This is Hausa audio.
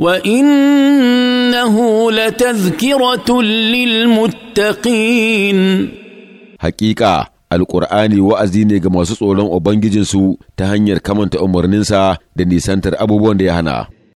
وانه لتذكره للمتقين Haƙiƙa alƙur'ani wa'azi ne ga masu tsoron ubangijinsu ta hanyar kamanta umarninsa da nisantar abubuwan da ya hana